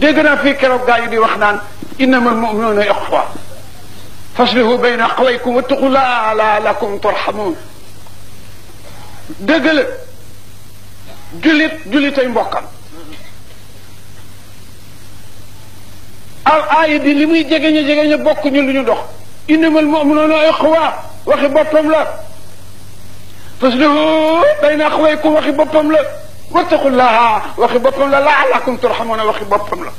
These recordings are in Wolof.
دغنا في كرب غايدي وخنان انما المؤمنون اخوة فاصلحوا بين اخويكم واتقوا الله لعلكم ترحمون دغل جليت جليتي مبوكم الآية دي لي موي جيغي ني جيغي ني بوك ني لي دوخ انما المؤمنون اخوة واخي بوبوم لا تصلحوا بين اخويكم واخي بوبوم لا wattaqu llaha waxi boppam la laallakum turhamuna waxi boppam la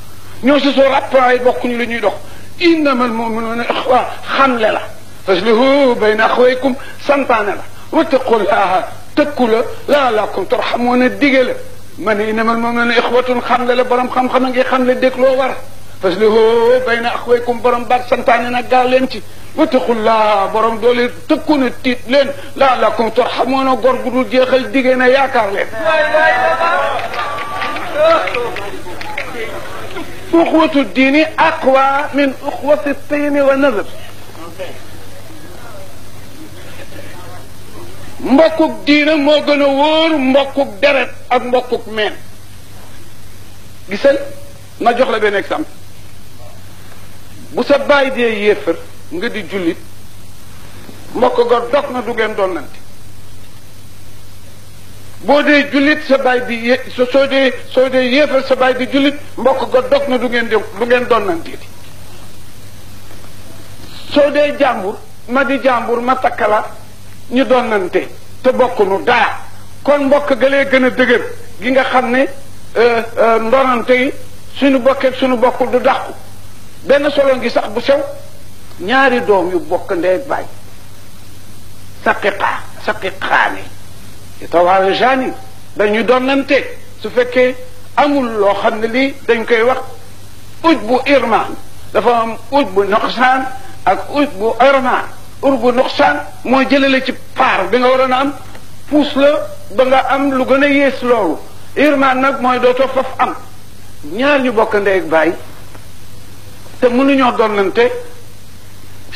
ñoo si soo rapport yi bokkuñu li ñuy dox innama almuminuna ixwa xamle la faslihu bayna axwaykum santana la wattaqu llaha tëkku la laallakum turhamuna dige la ma ne innama almuminuna xamle la borom xam-xam a xamle dégg loo war faslihu bayna axwaykum borom baat santaane na gaaw leen ci wattaqullaha borom doole tëkku na tiit leen laalakum turhamuuna góor gu dul jeexal digée na yaakaar leen uxwatu diini aqwa min uxwati tiini wa nazab mbokkuk diina moo gën a wóor mbokkuk deret ak mbokkuk meen gisal ma jox la benn exemple bu sa bàyyi dee yéefar nga di jullit mbokk ga dog na du ngeen doonante boo dee jullit sa baay di yé soo dee soo dee yéefal sa baay di jullit mbokk ga dog na du ngeen di du ngeen doonante soo dee jàmbur ma di jàmbur ma takkala ñu doonante te bokkunu dara kon mbokk ga lee gën a dëgër gi nga xam ne euh, euh, ndonante yi suñu bokkeek suñu bokkul du dàqu benn solo ngi sax bu sew ñaari doom yu bokk ndee bàyyi saqiqa saqiqaani yatawaarisaani dañuy doonante su fekkee amul loo xam ne lii dañ koy wax uj bu irmaan dafa am uj bu noqsaan ak uj bu irmaan uj bu noqsaan mooy jëlale ci paar bi nga waroon a am puus la ba nga am lu gën a yées loolu irmaan nag mooy dootoo faf am ñaar ñu bokk ndee ak bàyyi te mënuñoo doonante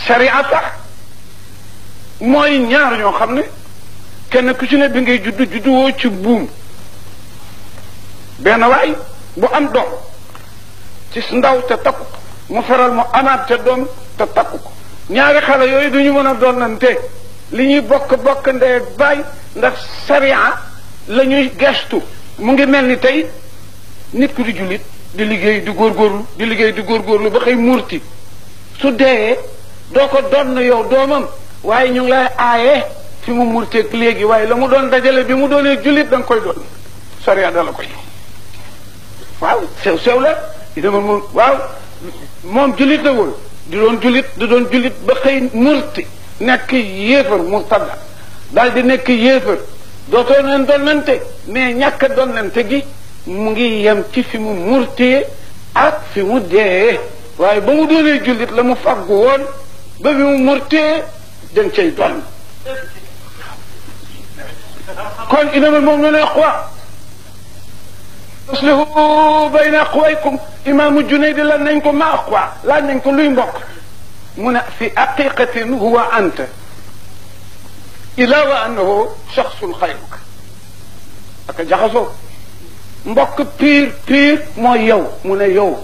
sharia tax mooy ñaar ñoo xam ne kenn ku ci bi ngay judd juddu woo ci buum benn waay bu am doom ci ndaw te takku ko mu feral mu amaat te doom te takku ko ñaari xale yooyu duñu mën a doonante li ñuy bokk bokk ndee baay ndax sharia lañuy gestu mu ngi mel ni tey nit ku di jullit di liggéey di góorgóorlu di liggéey di góor góorgóorlu ba xëy muurti su dee doo ko donn yow doomam waaye ñu ngi aaye fi mu murteeg léegi waaye la mu doon dajale bi mu doonee jullit da nga koy doon sariya da la koy waaw sew sew la di dama moom waaw moom jullit la woon di doon jullit di ba xëy murti nekk yéefar murtada daal di nekk yéefar dootoo leen donnante mais ñàkk a donnante gi mu ngi yam ci fi mu murtee ak fi mu dee waaye ba mu doonee jullit la mu faggu woon ba bi mu murtee dañ cay doon kon inama almuminun ixwa aslihu bayna aqwaykum imaamu junaydi lan nañ ko ma aqwa laaj nañ ko luy mbokk mu ne fi aqiqatin huwa anta ila wa annahu shaxsun xayruk aka jaxasoo mbokk piir piir mooy yow mu ne yow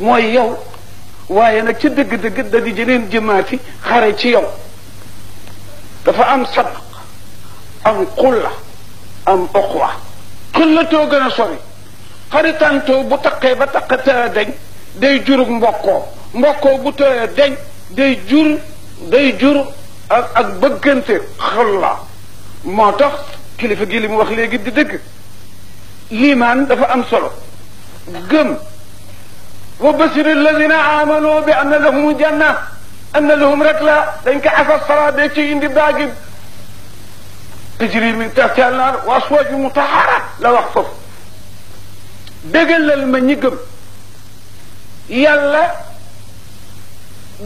mooy yow waaye nag ci dëgg-dëgg da di jeneen jëmaati xare ci yow dafa am sabaq am xulla am oqwa xullatoo gën a sori xaritantoo bu taqe ba taqa tëra deñ day jurug mbokkoo mbokkoo bu tëra deñ day jur day jur ak ak bëggante xulla moo tax kilifa gi li mu wax léegi di dëgg lii liimaan dafa am solo gëm وبشر الذين آمنوا بأن لهم جنة أن لهم ركلة لإنك عفى الصلاة بيتي إن باقي تجري من تحت النار وأسواج مطهرة لا أخطف دقل المنيقم يلا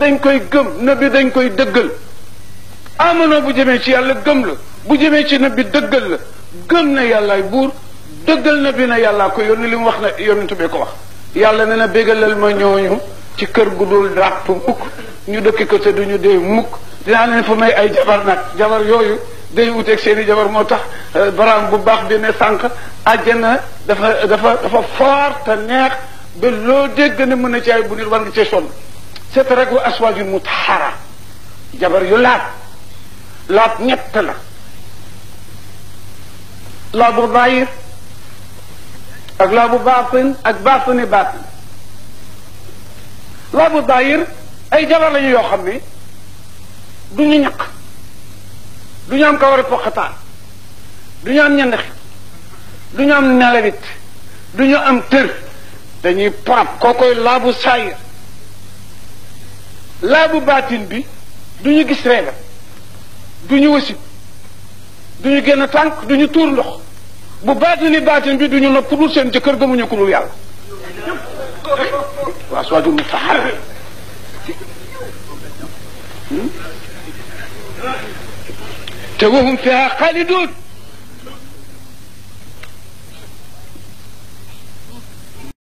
دين كوي قم نبي دين كوي دقل آمنوا بجميشي يلا قمل بجميشي نبي دقل قمنا يلا يبور دقل نبينا يلا كوي يوني لهم وخنا يوني تبيكو وخنا yàlla ne na bégalal ma ñooñu ci kër gu dul dàpp mukk ñu dëkk ko te ñu dee mukk dinaa leen fa ay jabar nag jabar yooyu day wuteeg seen i jabar moo tax euh, baraam bu baax bi ne sànq àjjana dafa dafa dafa foor te neex ba loo dégg mën a ci ay bu nit war nga cee sonn c'est rek wa aswaaju mutahara jabar yu laat laat ñett la laabu baayir ak laabu baatin ak baatini baatin laabu daayir ay jabar lañu yoo xam ne du ñu ñaq du ñu am kawari poqataan du ñu am ñandaxit du ñu am nelawit du ñu am tër dañuy pap koo koy laabu saayir laabu baatin bi du ñu gis reegal du ñu wasit du ñu génn tànk du ñu tuur ndox bu baati ni baatin bi duñu nag ku dul seen jëkkër gëmuñu ku dul yàlla waa soo jum taxar te wahum fiha xaaliduun